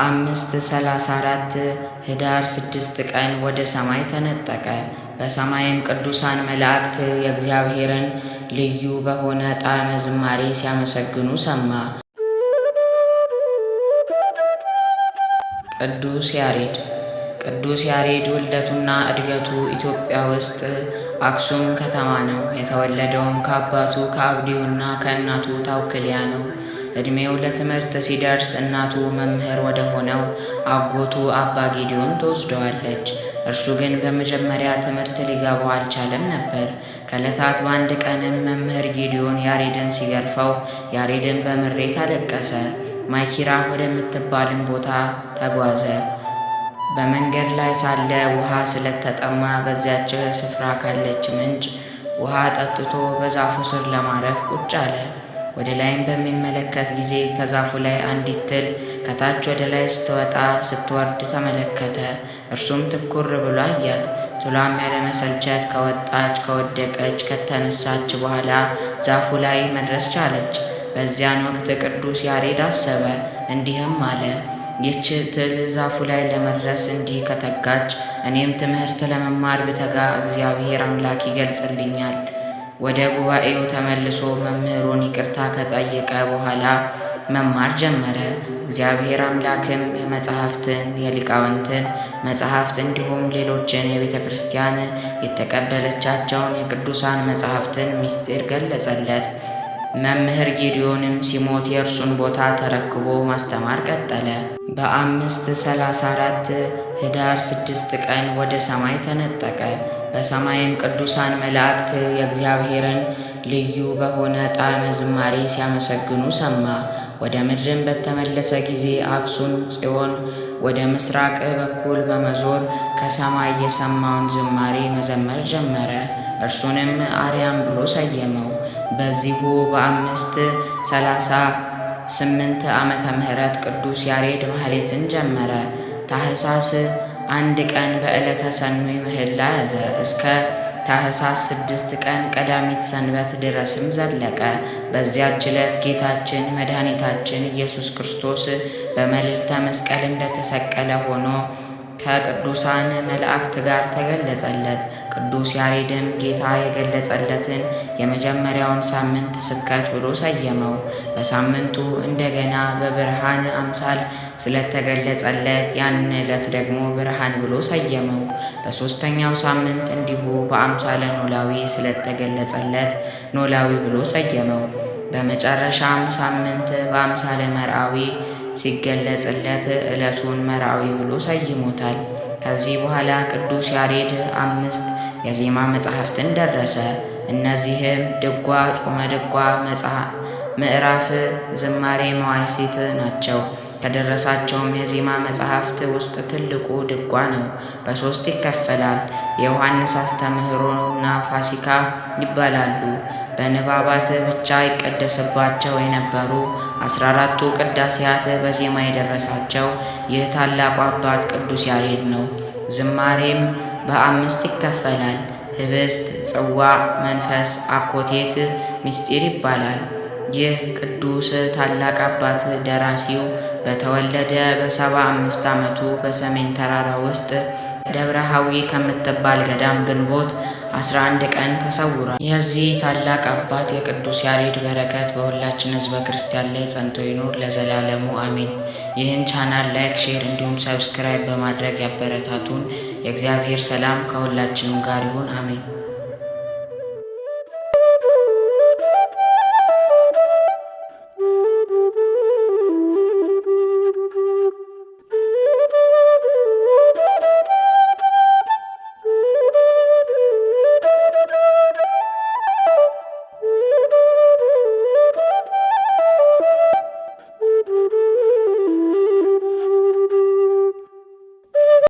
በአምስት ሰላሳ አራት ህዳር ስድስት ቀን ወደ ሰማይ ተነጠቀ። በሰማይም ቅዱሳን መላእክት የእግዚአብሔርን ልዩ በሆነ ጣዕመ ዝማሬ ሲያመሰግኑ ሰማ። ቅዱስ ያሬድ ቅዱስ ያሬድ ውልደቱና እድገቱ ኢትዮጵያ ውስጥ አክሱም ከተማ ነው። የተወለደውም ከአባቱ ከአብዲውና ከእናቱ ታውክልያ ነው። እድሜው ለትምህርት ሲደርስ እናቱ መምህር ወደ ሆነው አጎቱ አባ ጌዲዮን ተወስደዋለች። እርሱ ግን በመጀመሪያ ትምህርት ሊገባው አልቻለም ነበር። ከለታት በአንድ ቀንም መምህር ጌዲዮን ያሬድን ሲገርፈው ያሬድን በምሬት አለቀሰ። ማይኪራ ወደምትባልን ቦታ ተጓዘ። በመንገድ ላይ ሳለ ውሃ ስለተጠማ በዚያች ስፍራ ካለች ምንጭ ውሃ ጠጥቶ በዛፉ ስር ለማረፍ ቁጭ አለ። ወደ ላይም በሚመለከት ጊዜ ከዛፉ ላይ አንዲት ትል ከታች ወደ ላይ ስትወጣ ስትወርድ ተመለከተ። እርሱም ትኩር ብሎ አያት። ትሏም ያለመሰልቸት ከወጣች ከወደቀች ከተነሳች በኋላ ዛፉ ላይ መድረስ ቻለች። በዚያን ወቅት ቅዱስ ያሬድ አሰበ፣ እንዲህም አለ ይህች ትል ዛፉ ላይ ለመድረስ እንዲህ ከተጋች፣ እኔም ትምህርት ለመማር ብተጋ እግዚአብሔር አምላክ ይገልጽልኛል ወደ ጉባኤው ተመልሶ መምህሩን ይቅርታ ከጠየቀ በኋላ መማር ጀመረ። እግዚአብሔር አምላክም የመጽሐፍትን የሊቃውንትን መጽሐፍት እንዲሁም ሌሎችን የቤተ ክርስቲያን የተቀበለቻቸውን የቅዱሳን መጽሐፍትን ምስጢር ገለጸለት። መምህር ጌዲዮንም ሲሞት የእርሱን ቦታ ተረክቦ ማስተማር ቀጠለ። በአምስት ሰላሳ አራት ህዳር ስድስት ቀን ወደ ሰማይ ተነጠቀ። በሰማይም ቅዱሳን መላእክት የእግዚአብሔርን ልዩ በሆነ ጣዕመ ዝማሬ ሲያመሰግኑ ሰማ። ወደ ምድርን በተመለሰ ጊዜ አክሱም ጽዮን ወደ ምስራቅ በኩል በመዞር ከሰማይ የሰማውን ዝማሬ መዘመር ጀመረ። እርሱንም አርያም ብሎ ሰየመው። በዚሁ በአምስት ሰላሳ ስምንት ዓመተ ምህረት ቅዱስ ያሬድ ማህሌትን ጀመረ። ታህሳስ አንድ ቀን በዕለተ ሰኑይ ምህላ ያዘ። እስከ ታኅሳስ ስድስት ቀን ቀዳሚት ሰንበት ድረስም ዘለቀ። በዚያች ዕለት ጌታችን መድኃኒታችን ኢየሱስ ክርስቶስ በመልዕልተ መስቀል እንደተሰቀለ ሆኖ ከቅዱሳን መላእክት ጋር ተገለጸለት። ቅዱስ ያሬድም ጌታ የገለጸለትን የመጀመሪያውን ሳምንት ስብከት ብሎ ሰየመው። በሳምንቱ እንደገና በብርሃን አምሳል ስለተገለጸለት ያንን ዕለት ደግሞ ብርሃን ብሎ ሰየመው። በሦስተኛው ሳምንት እንዲሁ በአምሳለ ኖላዊ ስለተገለጸለት ኖላዊ ብሎ ሰየመው። በመጨረሻም ሳምንት በአምሳለ መርአዊ ሲገለጽለት ዕለቱን መርአዊ ብሎ ሰይሞታል። ከዚህ በኋላ ቅዱስ ያሬድ አምስት የዜማ መጽሐፍትን ደረሰ። እነዚህም ድጓ፣ ጾመ ድጓ፣ ምዕራፍ፣ ዝማሬ፣ መዋይሴት ናቸው። ከደረሳቸውም የዜማ መጽሐፍት ውስጥ ትልቁ ድጓ ነው። በሦስት ይከፈላል። የዮሐንስ አስተምህሮና ፋሲካ ይባላሉ። በንባባት ብቻ ይቀደስባቸው የነበሩ አስራ አራቱ ቅዳሴያት በዜማ የደረሳቸው ይህ ታላቁ አባት ቅዱስ ያሬድ ነው። ዝማሬም በአምስት ይከፈላል። ህብስት፣ ጽዋ፣ መንፈስ፣ አኮቴት፣ ምስጢር ይባላል። ይህ ቅዱስ ታላቅ አባት ደራሲው በተወለደ በሰባ አምስት ዓመቱ በሰሜን ተራራ ውስጥ ደብረ ከምትባል ገዳም ግንቦት 11 ቀን ተሰውሯል። የዚህ ታላቅ አባት የቅዱስ ያሬድ በረከት በሁላችን ህዝበ ክርስቲያን ላይ ጸንቶ ይኖር ለዘላለሙ አሜን። ይህን ቻናል ላይክ፣ ሼር እንዲሁም ሰብስክራይብ በማድረግ ያበረታቱን። የእግዚአብሔር ሰላም ከሁላችንም ጋር ይሁን አሜን።